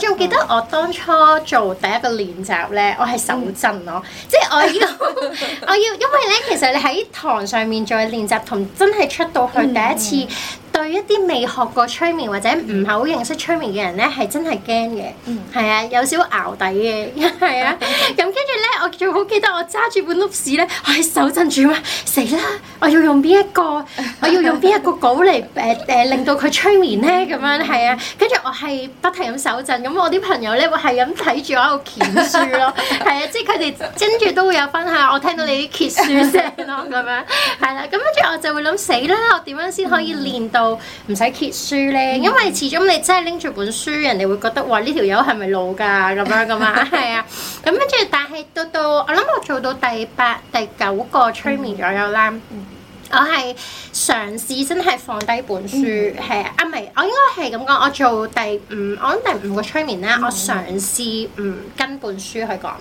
仲記得我當初做第一個練習咧，我係手震咯，嗯、即係我要 我要，因為咧，其實你喺堂上面做嘅練習，同真係出到去第一次。嗯對一啲未學過催眠或者唔係好認識催眠嘅人咧，係真係驚嘅，係、嗯、啊，有少淆底嘅，係啊。咁跟住咧，我仲好記得我揸住本 notebook 咧，我係手震住嘛，死啦！我要用邊一個，我要用邊一個稿嚟誒誒令到佢催眠咧？咁樣係啊。跟住我係不停咁手震，咁我啲朋友咧，會係咁睇住我喺度揭書咯，係 啊，即係佢哋跟住都會有分享。我聽到你啲揭書聲咯，咁樣係啦。咁跟住我就會諗，死啦！我點樣先可以練到？ 唔使揭書咧，嗯、因為始終你真係拎住本書，人哋會覺得哇，呢條友係咪老噶咁樣噶嘛係 啊。咁跟住，但係到到我諗我做到第八第九個催眠左右啦，嗯、我係嘗試真係放低本書係、嗯、啊，唔係我應該係咁講，我做第五我諗第五個催眠啦。嗯、我嘗試唔跟本書去講咁，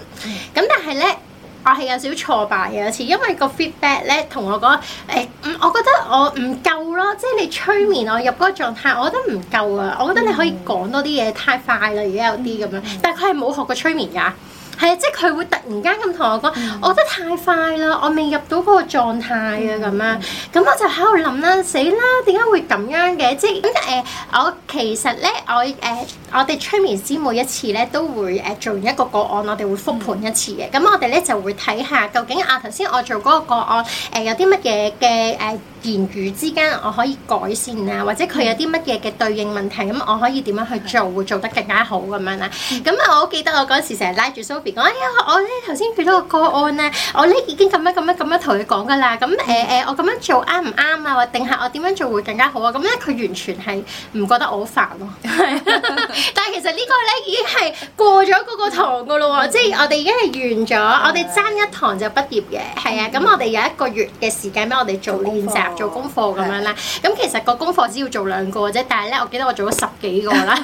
但係咧。我係有少少挫敗嘅有一次，因為個 feedback 咧同我講，誒、哎，我覺得我唔夠咯，即係你催眠我入嗰個狀態，我覺得唔夠啊，我覺得你可以講多啲嘢，太快啦，而家有啲咁樣，但係佢係冇學過催眠噶。係啊，即係佢會突然間咁同我講，嗯、我覺得太快啦，我未入到嗰個狀態啊咁啊，咁我就喺度諗啦，死啦，點解會咁樣嘅？即係咁誒，我其實咧，我誒、呃，我哋催眠師每一次咧都會誒、呃、做完一個個案，我哋會覆盤一次嘅。咁、嗯、我哋咧就會睇下究竟啊頭先我做嗰個個案誒、呃、有啲乜嘢嘅誒。呃言語之間我可以改善啊，或者佢有啲乜嘢嘅對應問題咁，我可以點樣去做會做得更加好咁樣咧？咁、嗯哎、啊，我好記得我嗰時成日拉住 Sophie 講，哎呀、嗯呃，我咧頭先佢到個個案咧，我咧已經咁樣咁樣咁樣同佢講噶啦。咁誒誒，我咁樣做啱唔啱啊？或定係我點樣做會更加好啊？咁咧，佢完全係唔覺得我好煩咯、啊。 但係其實個呢個咧已經係過咗嗰個堂噶咯喎，嗯、即係我哋已經係完咗，嗯、我哋爭一堂就畢業嘅。係啊，咁、嗯嗯、我哋有一個月嘅時間俾我哋做練習。做功課咁樣啦，咁的其實個功課只要做兩個啫，但係咧，我記得我做咗十幾個啦。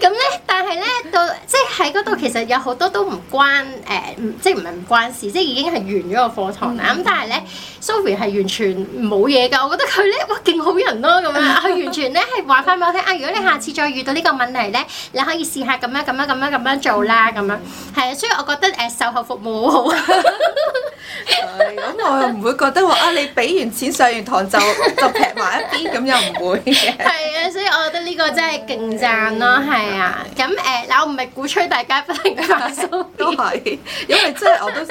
咁咧，但係咧，到即係喺嗰度，其實有好多都唔關誒、呃，即係唔係唔關事，即係已經係完咗個課堂啦。咁、嗯、但係咧、嗯、，Sophie 係完全冇嘢噶，我覺得佢咧哇勁好人咯、啊、咁樣，佢 完全咧係話翻俾我聽啊！如果你下次再遇到呢個問題咧，你可以試下咁樣咁樣咁樣咁樣做啦咁樣。嗯所以我覺得誒、呃、售後服務好 、哎，好，咁我又唔會覺得話啊你俾完錢上完堂就就撇埋一邊，咁又唔會嘅。係啊，所以我覺得呢個真係勁讚咯，係、嗯、啊。咁誒、嗯，哎、我唔係鼓吹大家不停加、哎、都可以，因為即係我都。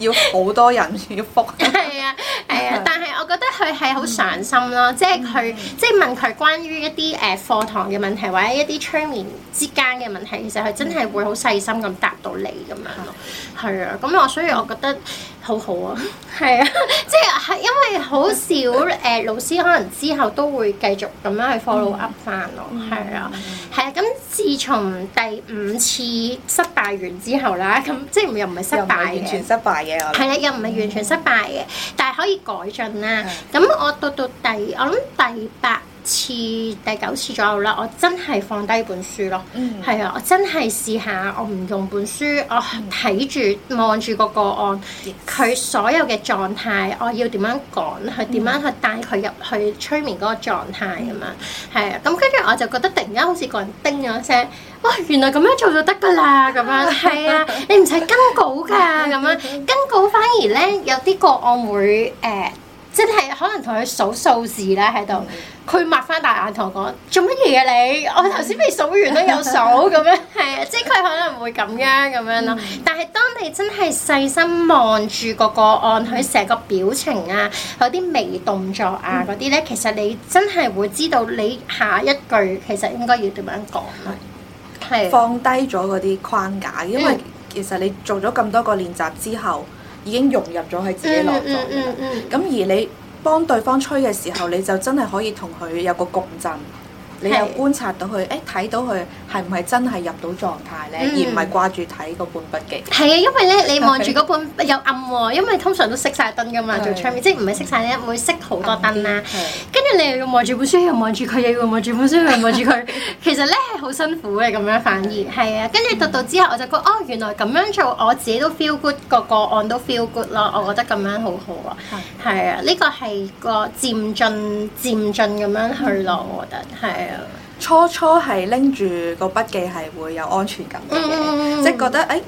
要好多人要覆，係啊，誒，但係我覺得佢係好上心咯，即係佢即係問佢關於一啲誒課堂嘅問題，或者一啲催眠之間嘅問題，其實佢真係會好細心咁答到你咁樣咯。係啊，咁我所以我覺得好好啊。係啊，即係因為好少誒老師可能之後都會繼續咁樣去 follow up 翻咯。係啊，係啊。咁自從第五次失敗完之後啦，咁即係又唔係失敗完全失敗係啦，又唔係完全失敗嘅，嗯、但係可以改進啦。咁、嗯、我到到第，我諗第八。次第九次左右啦，我真係放低本書咯，係啊、嗯，我真係試下，我唔用本書，我睇住望住個個案，佢、嗯、所有嘅狀態，我要點樣講，去點樣去帶佢入去催眠嗰個狀態咁樣，係啊、嗯，咁跟住我就覺得突然間好似個人叮咗聲，哇，原來咁樣做就得噶啦，咁樣，係啊，你唔使跟稿噶，咁樣跟，跟稿反而咧有啲個案會誒。呃即係可能同佢數數字咧喺度，佢擘翻大眼同我講：做乜嘢啊你？我頭先未數完都有數咁、嗯、樣，係啊！即係佢可能會咁樣咁樣咯。嗯、但係當你真係細心望住個個案，佢成、嗯、個表情啊，有啲微動作啊嗰啲咧，嗯、其實你真係會知道你下一句其實應該要點樣講。係、嗯、是放低咗嗰啲框架，因為其實你做咗咁多個練習之後。已經融入咗喺自己內在啦，咁、嗯嗯嗯嗯、而你幫對方吹嘅時候，你就真係可以同佢有個共振。你又觀察到佢，誒睇到佢係唔係真係入到狀態咧？而唔係掛住睇嗰本筆記。係啊，因為咧你望住嗰本有暗喎，因為通常都熄晒燈噶嘛，做窗邊即係唔係熄晒咧？會熄好多燈啦。跟住你又要望住本書，又望住佢，又要望住本書，又望住佢。其實咧係好辛苦嘅咁樣，反而係啊。跟住讀到之後，我就覺哦，原來咁樣做，我自己都 feel good，個個案都 feel good 咯。我覺得咁樣好好啊。係啊，呢個係個漸進、漸進咁樣去咯，我覺得係初初係拎住個筆記係會有安全感嘅，嗯、即係覺得誒，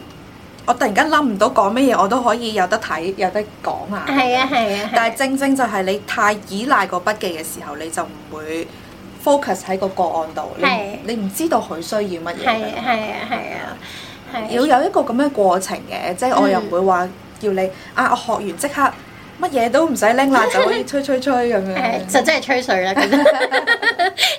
我突然間諗唔到講乜嘢，我都可以有得睇有得講啊。係啊係啊，啊但係正正就係你太依賴個筆記嘅時候，你就唔會 focus 喺個個案度、啊，你唔知道佢需要乜嘢。係啊係啊，啊啊啊要有一個咁嘅過程嘅，即係我又唔會話要你、嗯、啊，我學完即刻。乜嘢都唔使拎啦，就可以吹吹吹咁樣、 嗯，就真係吹水啦。其實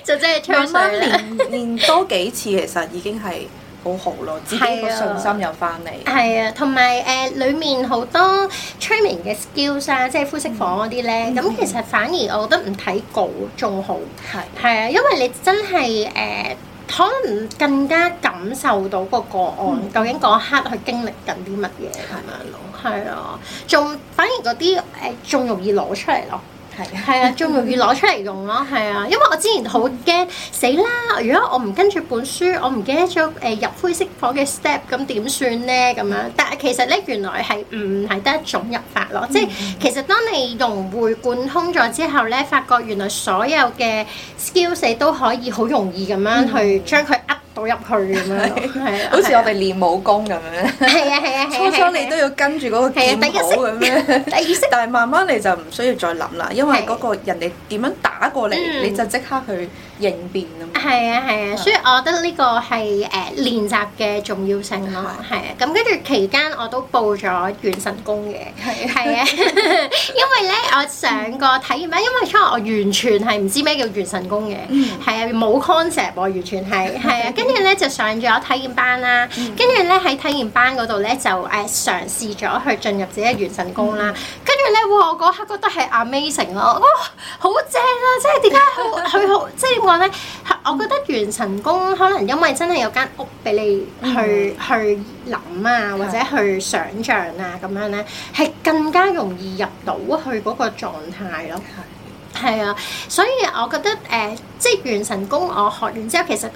就真係吹水。練練多幾次，其實已經係好好咯，自己個信心又翻嚟。係啊、嗯，同埋誒，裏面好多催眠嘅 skills 啊，即係灰色房嗰啲咧。咁、嗯、其實反而我覺得唔睇稿仲好。係係啊，因為你真係誒、呃，可能更加感受到個個案究竟嗰刻去經歷緊啲乜嘢。係啊、嗯。嗯係啊，仲反而嗰啲誒仲容易攞出嚟咯，係啊，仲、啊、容易攞出嚟用咯，係啊，因為我之前好驚死啦！如果我唔跟住本書，我唔記得咗誒、呃、入灰色火嘅 step，咁點算咧？咁樣，但係其實咧，原來係唔係得一種入法咯？即係、嗯嗯、其實當你融會貫通咗之後咧，發覺原來所有嘅 skillset 都可以好容易咁樣去將佢到入去咁樣， 對對好似我哋練武功咁樣。係對 初初你都要跟住嗰個劍譜咁樣。但係慢慢你就唔需要再諗啦，對因為嗰個人哋點樣打過嚟，對你就即刻去。應變啊，係啊係啊，所以我覺得呢個係誒、呃、練習嘅重要性咯，係 啊。咁跟住期間我都報咗元辰宮嘅，係啊， 因為咧我上個體驗班，因為因我完全係唔知咩叫元辰宮嘅，係啊，冇 concept 喎，完全係，係啊。跟住咧就上咗體驗班啦，跟住咧喺體驗班嗰度咧就誒、呃、嘗試咗去進入自己嘅元辰宮啦。跟住咧我嗰刻覺得係 amazing 咯，哇、哦，好正啊！即係點解佢佢好即係？即 我咧，我覺得元辰宮可能因為真係有間屋俾你去、嗯、去諗啊，或者去想像啊咁樣咧，係更加容易入到去嗰個狀態咯。係啊的，所以我覺得誒、呃，即係元辰宮我學完之後其實。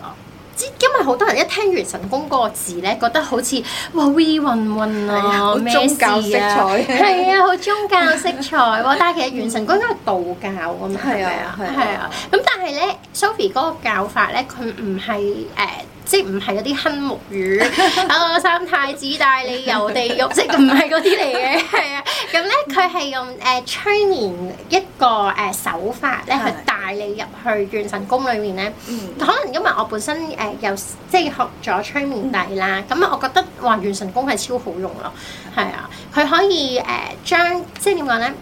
因為好多人一聽完神功嗰個字咧，覺得好似哇，we 運運啊，啊啊宗教色彩。係 啊，好宗教色彩。但係其實元神功應該係道教啊嘛，係 啊，係啊。咁、啊啊嗯、但係咧，Sophie 嗰個教法咧，佢唔係誒。呃即係唔係嗰啲亨木魚啊、 哦、三太子帶你遊地獄， 即係唔係嗰啲嚟嘅，係啊。咁咧佢係用誒催、呃、眠一個誒、呃、手法咧，去、呃、帶你入去元辰宮裏面咧。 嗯、可能因為我本身誒又即係學咗催眠底啦，咁、嗯、我覺得話元、呃、辰宮係超好用咯，係啊。佢可以誒將即係點講咧？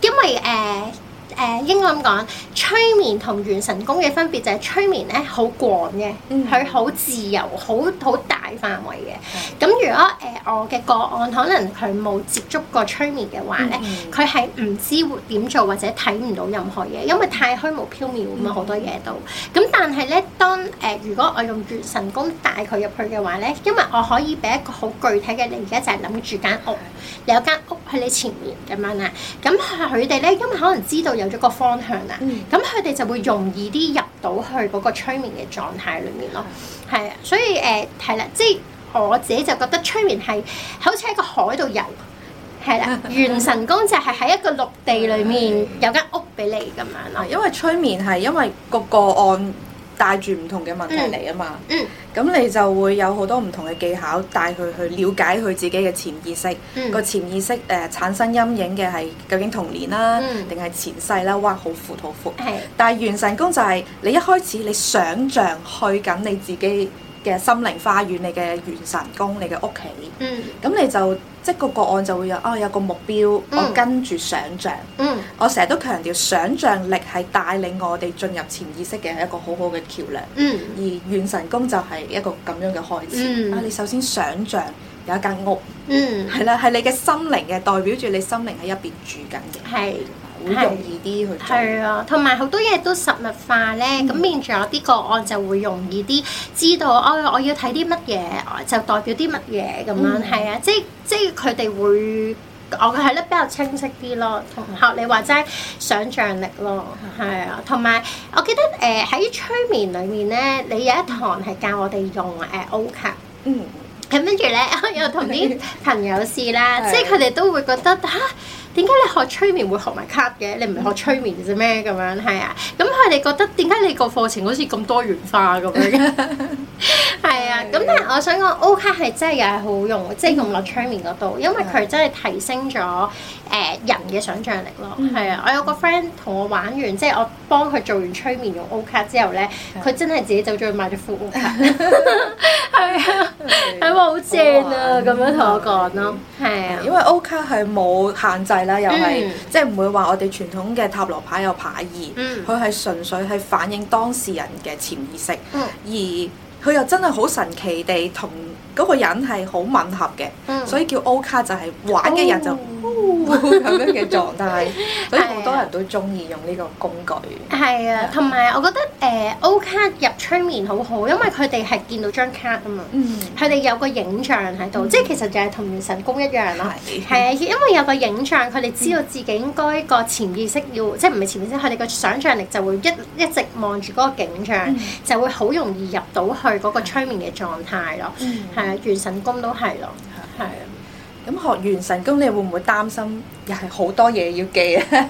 因為誒。呃誒、呃、應該咁講，催眠同元辰宮嘅分別就係催眠咧好廣嘅，佢好、嗯、自由，好好大範圍嘅。咁、嗯、如果誒、呃、我嘅個案可能佢冇接觸過催眠嘅話咧，佢係唔知點做或者睇唔到任何嘢，因為太虛無飄渺咁啊，好多嘢都。咁、嗯、但係咧，當誒、呃、如果我用元辰宮帶佢入去嘅話咧，因為我可以俾一個好具體嘅，你而家就係、是、諗住間屋，嗯、你有間屋喺你前面咁樣啊。咁佢哋咧因為可能知道咗個方向啦，咁佢哋就會容易啲入到去嗰個催眠嘅狀態裏面咯，係啊、嗯，所以誒係啦，即、呃、係我自己就覺得催眠係好似喺個海度游，係啦，元辰 宮就係喺一個陸地裏面有間屋俾你咁樣啦，為因為催眠係因為個個案。帶住唔同嘅問題嚟啊嘛，咁、嗯嗯、你就會有好多唔同嘅技巧帶佢去了解佢自己嘅潛意識，個、嗯、潛意識誒、呃、產生陰影嘅係究竟童年啦，定係、嗯、前世啦，哇好闊好闊。很闊很闊的但係元辰宮就係你一開始你想像去緊你自己嘅心靈花園，你嘅元辰宮，你嘅屋企，咁、嗯、你就即個個案就會有啊，有個目標，我跟住想像，嗯、我成日都強調想像力係帶領我哋進入潛意識嘅一個好好嘅橋梁，嗯、而元辰宮就係一個咁樣嘅開始。嗯、啊，你首先想像有一間屋，係啦、嗯，係你嘅心靈嘅，代表住你心靈喺入邊住緊嘅。係。容易啲去睇，係啊，同埋好多嘢都實物化咧。咁變咗有啲個案就會容易啲知道，我、哎、我要睇啲乜嘢，就代表啲乜嘢咁樣。係、嗯、啊，即即佢哋會，我係咧比較清晰啲咯。同學你話齋想像力咯，係、嗯、啊，同埋我記得誒喺、呃、催眠裏面咧，你有一堂係教我哋用誒、呃、O 卡。嗯，跟住咧，我有同啲朋友試啦， 即佢哋都會覺得嚇。啊。點解你學催眠會學埋卡嘅？你唔係學催眠嘅啫咩？咁樣？係啊。咁佢哋覺得點解你個課程好似咁多元化咁樣嘅？係啊。咁但係我想講 O 卡係真係又係好用，即係用落催眠嗰度，因為佢真係提升咗誒人嘅想象力咯。係啊。我有個 friend 同我玩完，即係我幫佢做完催眠用 O 卡之後咧，佢真係自己走咗去買咗副 O 卡。係啊，係好正啊，咁樣同我講咯。係啊。因為 O 卡係冇限制。啦，又係、嗯、即係唔會話我哋傳統嘅塔羅牌有牌意，佢係純粹係反映當事人嘅潛意識，嗯、而佢又真係好神奇地同嗰個人係好吻合嘅，嗯、所以叫 O 卡就係玩嘅人就。咁樣嘅狀態，所以好多人都中意用呢個工具。係 啊，同埋我覺得誒 O 卡入催眠好好，因為佢哋係見到張卡啊嘛。佢哋有個影像喺度，即係其實就係同元辰宮一樣咯。係 啊，因為有個影像，佢哋知道自己應該個潛意識要，即係唔係潛意識，佢哋個想象力就會一一直望住嗰個景象， 就會好容易入到去嗰個催眠嘅狀態咯。嗯，係 啊，元辰宮都係咯，係啊。咁學完神功，你會唔會擔心？又係好多嘢要記啊！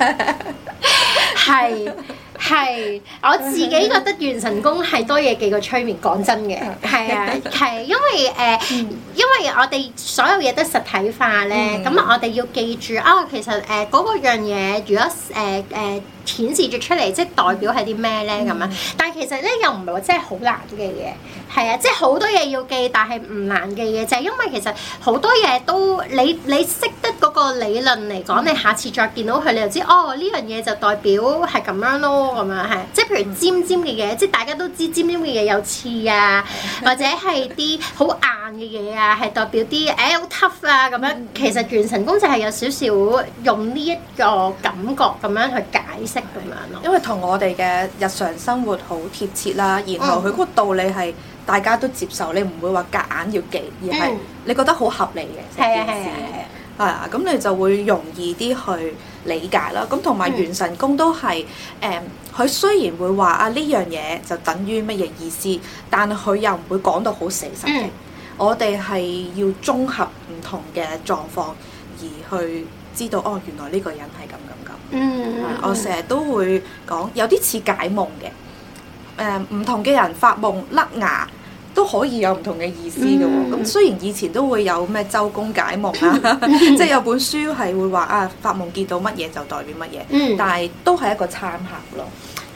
係。 係我自己覺得元辰宮係多嘢記個催眠，講真嘅，係啊，係因為誒，因為、呃嗯、因為我哋所有嘢都實體化咧，咁、嗯、我哋要記住啊、哦，其實誒嗰、呃那個樣嘢，如果誒誒、呃呃、顯示著出嚟，即係代表係啲咩咧咁樣？但係其實咧又唔係話真係好難記嘅嘢，係啊，即係好多嘢要記，但係唔難記嘅就係因為其實好多嘢都你你識得嗰個理論嚟講，嗯、你下次再見到佢，你就知哦呢樣嘢就代表係咁樣咯。咁樣係，即係譬如尖尖嘅嘢，即係大家都知尖尖嘅嘢有刺啊， 或者係啲好硬嘅嘢啊，係代表啲 tough 啊咁樣。嗯、其實元辰宮係有少少用呢一個感覺咁樣去解釋咁樣咯。因為同我哋嘅日常生活好貼切啦，然後佢嗰個道理係大家都接受，你唔會話夾硬要記，而係你覺得好合理嘅一、嗯、件事。係啊，咁你就會容易啲去理解啦。咁同埋元辰宮都係誒，佢、嗯、雖然會話啊呢樣嘢就等於乜嘢意思，但佢又唔會講到好死實嘅。嗯、我哋係要綜合唔同嘅狀況而去知道，哦原來呢個人係咁咁咁。嗯，我成日都會講有啲似解夢嘅，誒唔同嘅人發夢甩牙。都可以有唔同嘅意思嘅喎，哦，咁雖然以前都會有咩周公解夢啦，啊， 即係有本書係會話啊發夢見到乜嘢就代表乜嘢， 但係都係一個參考咯。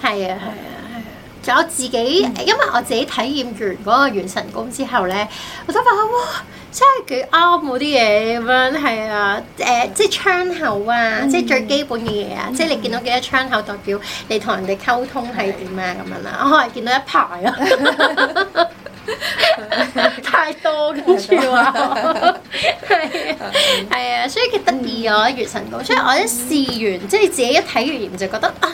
係啊係啊係仲，啊啊、有自己，嗯、因為我自己體驗完嗰個元辰宮之後咧，我都發覺哇，真係幾啱嗰啲嘢咁樣，係啊誒、呃，即係窗口啊，嗯、即係最基本嘅嘢啊，嗯、即係你見到幾多窗口代表你同人哋溝通係點啊咁樣啦，我係見到一排咯。太多咁樣，係啊，係啊，所以佢得意啊！元辰宮，所以我一試完，即係自己一睇完就覺得啊，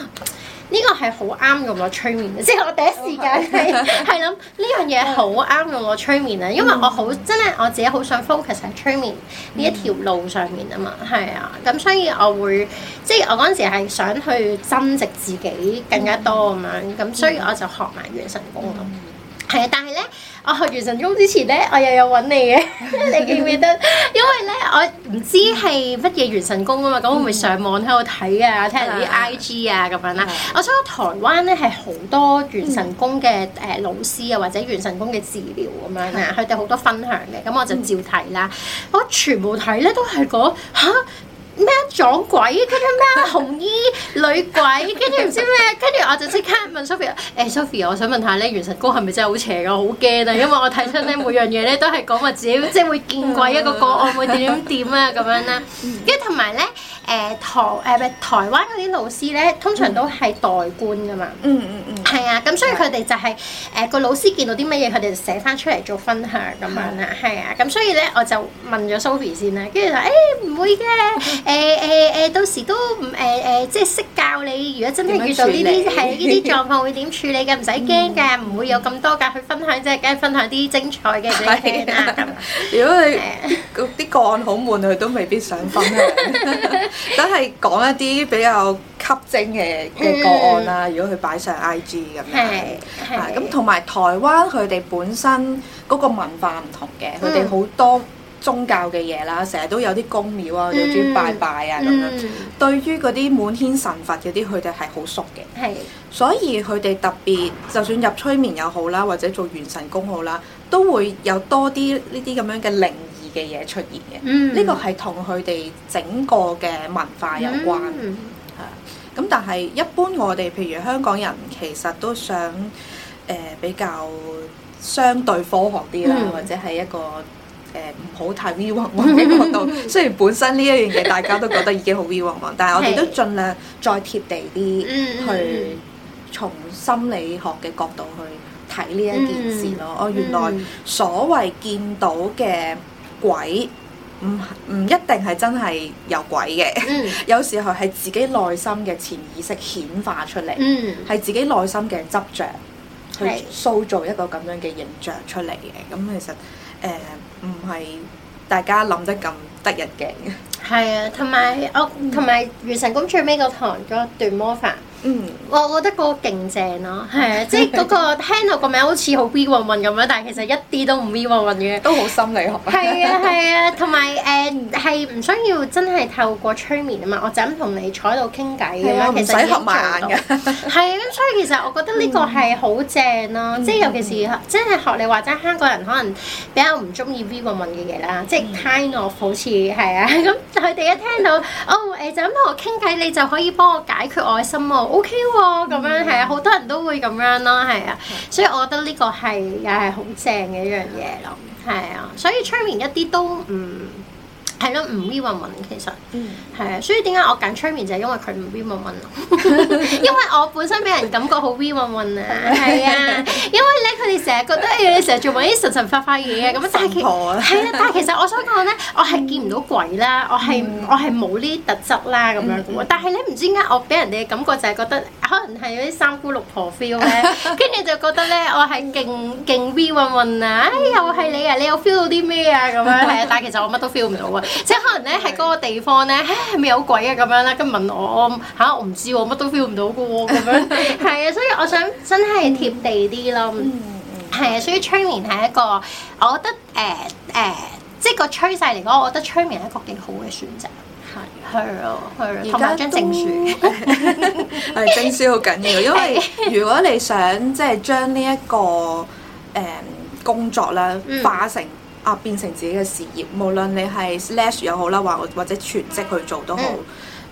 呢個係好啱用我催眠嘅，即係我第一時間係諗呢樣嘢好啱用我催眠啊，因為我好真係我自己好想 focus 喺催眠呢一條路上面啊嘛，係啊，咁所以我會即係我嗰陣時係想去增值自己更加多咁樣，咁所以我就學埋元辰宮咁。係啊，但係咧，我學元辰宮之前咧，我又有搵你嘅， 你記唔記得？ 因為咧，我唔知係乜嘢元辰宮啊嘛，咁、嗯、我咪上網喺度睇啊，睇人啲 I G 啊咁樣啦。嗯、我想台灣咧係好多元辰宮嘅誒老師啊，或者元辰宮嘅治療咁樣啊，佢哋好多分享嘅，咁我就照睇啦、啊。嗯、我全部睇咧都係講、那個咩撞鬼？跟住咩紅衣女鬼？跟住唔知咩？跟住我就即刻問 Sophie 誒，Sophie，我想問下咧，元辰宮係咪真係好邪我、啊、好驚啊！因為我睇出咧每樣嘢咧都係講話自己即係會見鬼一個個案 會點點啊咁樣啦，跟住同埋咧。誒台誒台灣嗰啲老師咧，通常都係代官㗎嘛。嗯嗯嗯。係、嗯嗯、啊，咁所以佢哋就係誒個老師見到啲乜嘢，佢哋就寫翻出嚟做分享咁樣啦。係、嗯、啊，咁所以咧，我就問咗 Sophie 先啦，跟住就，誒、欸、唔會嘅，誒誒誒，到時都唔誒誒，即係識教你。如果真係遇到呢啲係呢啲狀況，會點處理嘅？唔使驚㗎，唔、嗯嗯、會有咁多㗎，去分享啫，梗係分享啲精彩嘅。係。如果佢，嗰啲個案好悶，佢都未必想分享。 都係講一啲比較吸睛嘅嘅個案啦。嗯、如果佢擺上 IG 咁、嗯，樣啊咁同埋台灣佢哋本身嗰個文化唔同嘅，佢哋好多宗教嘅嘢啦，成日都有啲宮廟啊，有啲拜拜啊咁、嗯、樣。嗯、對於嗰啲滿天神佛嘅啲，佢哋係好熟嘅。係是，所以佢哋特別，就算入催眠又好啦，或者做元辰宮好啦，都會有多啲呢啲咁樣嘅靈。嘅嘢出現嘅，呢個係同佢哋整個嘅文化有關、mm，係、hmm. 咁、嗯、但係一般我哋譬如香港人，其實都想誒、呃、比較相對科學啲啦，或者係一個誒唔、呃、好太 vogue 嘅角度。雖然本身呢一樣嘢大家都覺得已經好 vogue 但係我哋都盡量再貼地啲、mm hmm. 去從心理學嘅角度去睇呢一件事咯。Mm hmm. 哦，原來所謂見到嘅。鬼唔唔一定係真係有鬼嘅，嗯、 有時候係自己內心嘅潛意識顯化出嚟，係、嗯、自己內心嘅執着去塑造一個咁樣嘅形象出嚟嘅。咁是、嗯、其實誒唔係大家諗得咁得人驚。係啊，同埋我同埋《元、 哦、辰宮》最尾個堂嗰段魔法。嗯，我覺得嗰個勁正咯，係啊，即係嗰個聽到個名好似好 V 韻韻,咁樣，但係其實一啲都唔 V 韻韻嘅，都好心理學。係啊係啊，同埋誒係唔需要真係透過催眠啊嘛，我就咁同你坐喺度傾偈咁樣，啊、其實唔使瞌埋眼，係啊，咁所以其實我覺得呢個係好正咯，即係、嗯嗯、尤其是即係、就是、學你話齋，香港人可能比較唔中意 V 韻韻嘅嘢啦，即係、嗯嗯、kind of 好似係啊，咁佢哋一聽到哦誒就咁同我傾偈，你就可以幫我解決我嘅心、啊 ok 喎，咁、哦、樣係啊，好、嗯、多人都會咁樣咯，係啊，嗯、所以我覺得呢個係又係好正嘅一樣嘢咯，係啊、嗯，所以催眠一啲都唔～、嗯係咯，唔 real 其實，係啊、嗯，所以點解我揀 Terry 就係、是、因為佢唔 real 因為我本身俾人感覺好 real 啊，係啊，因為咧佢哋成日覺得你成日做埋啲神神化化嘢嘅咁啊，但係，係啊，但係其實我想講咧，我係見唔到鬼啦，我係、嗯、我係冇呢啲特質啦咁樣，但係你唔知點解我俾人哋嘅感覺就係覺得可能係啲三姑六婆 feel 咧、啊，跟住 就覺得咧我係勁勁 real 啊，哎、又係你啊，你又 feel 到啲咩啊咁樣，係啊，但係其實我乜都 feel 唔到啊。即係可能咧，喺嗰個地方咧，唉對，咪有鬼啊咁樣啦，咁問我，嚇我唔知喎，乜都 feel 唔到噶喎，咁樣，係啊， 所以我想真係貼地啲咯，係啊， 所以催眠係一個，我覺得誒誒，即係個趨勢嚟講，我覺得催眠係一個幾好嘅選擇，係係啊，係啊，同埋張證書係證書好緊要，因為如果你想即係將呢一個誒工作咧化成。 嗯啊！變成自己嘅事業，無論你係 slash 又好啦，或或者全職去做都好，嗯、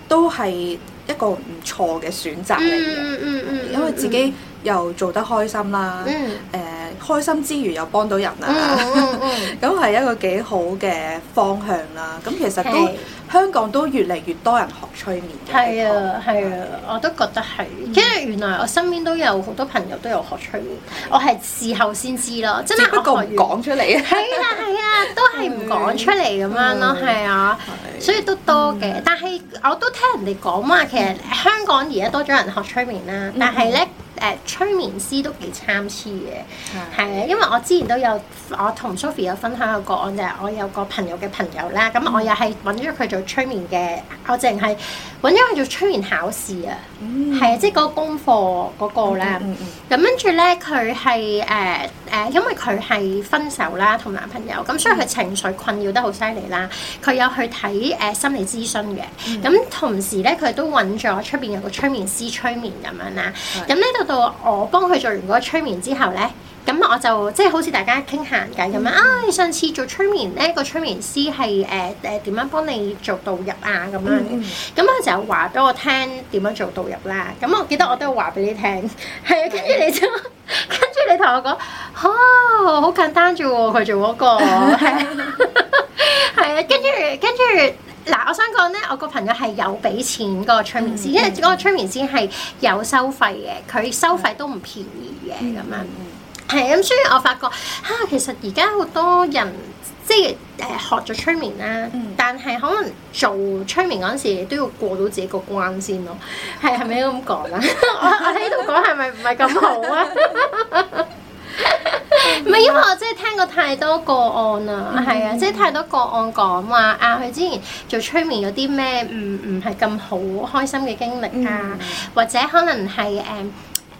都係一個唔錯嘅選擇嚟嘅。嗯嗯嗯、因為自己又做得開心啦，誒、嗯呃，開心之餘又幫到人啦，咁係一個幾好嘅方向啦。咁、嗯、其實都。Okay. 香港都越嚟越多人學催眠、啊，係啊係啊，我都覺得係。跟住原來我身邊都有好多朋友都有學催眠，我係事後先知咯，真係。不過唔講出嚟、 啊。係啊係啊，都係唔講出嚟咁樣咯，係 啊，啊，啊，所以都多嘅。啊、但係我都聽人哋講話，其實香港而家多咗人學催眠啦，但係咧。嗯呃、催眠師都幾參差嘅，係啊，因為我之前都有我同 Sophie 有分享過個案，就係我有個朋友嘅朋友啦，咁我又係揾咗佢做催眠嘅，我淨係揾咗佢做催眠考試啊，係啊、嗯，即係嗰個功課嗰個啦。咁跟住咧，佢係誒誒，因為佢係分手啦，同男朋友咁，所以佢情緒困擾得好犀利啦。佢、嗯、有去睇誒、呃、心理諮詢嘅，咁、嗯、同時咧佢都揾咗出邊有個催眠師催眠咁樣啦。咁呢度我幫佢做完嗰個催眠之後咧，咁我就即係好似大家傾閒偈咁樣。啊、mm hmm. 哎，上次做催眠咧，個催眠師係誒誒點樣幫你做導入啊咁樣。咁佢就話俾我聽點樣做導入啦。咁我記得我都有話俾你聽，係 啊。跟住你就跟住你同我講，哦，好簡單啫喎、啊。佢做嗰、嗰個係 啊，跟住跟住。嗱，我想講咧，我個朋友係有俾錢個催眠師，嗯嗯、因為嗰個催眠師係有收費嘅，佢收費都唔便宜嘅咁、嗯、樣，係、嗯、咁，所、嗯、以、嗯嗯、我發覺嚇，其實而家好多人即係誒、呃、學咗催眠啦，嗯、但係可能做催眠嗰陣時都要過到自己個關先咯，係係咪咁講啊？ 我我喺度講係咪唔係咁好啊？ 唔係， 因為我真係聽過太多個案啊，係、嗯、啊，即係太多個案講話啊，佢之前做催眠有啲咩唔唔係咁好開心嘅經歷啊，嗯、或者可能係誒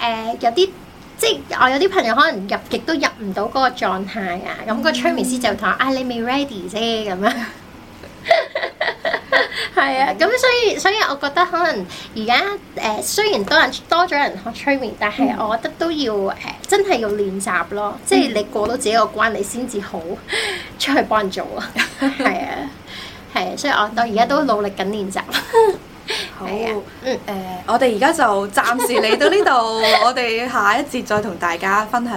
誒有啲即係我有啲朋友可能入極都入唔到嗰個狀態啊，咁、嗯嗯、個催眠師就同我話啊，你未 ready 啫咁樣。係啊，咁所以所以，所以我覺得可能而家誒雖然多人多咗人學催眠，但係我覺得都要誒、呃、真係要練習咯，即係你過到自己個關，你先至好出去幫人做 啊。係啊，係啊，所以我到而家都努力緊練習。 啊、好，誒、嗯，呃、我哋而家就暫時嚟到呢度， 我哋下一節再同大家分享。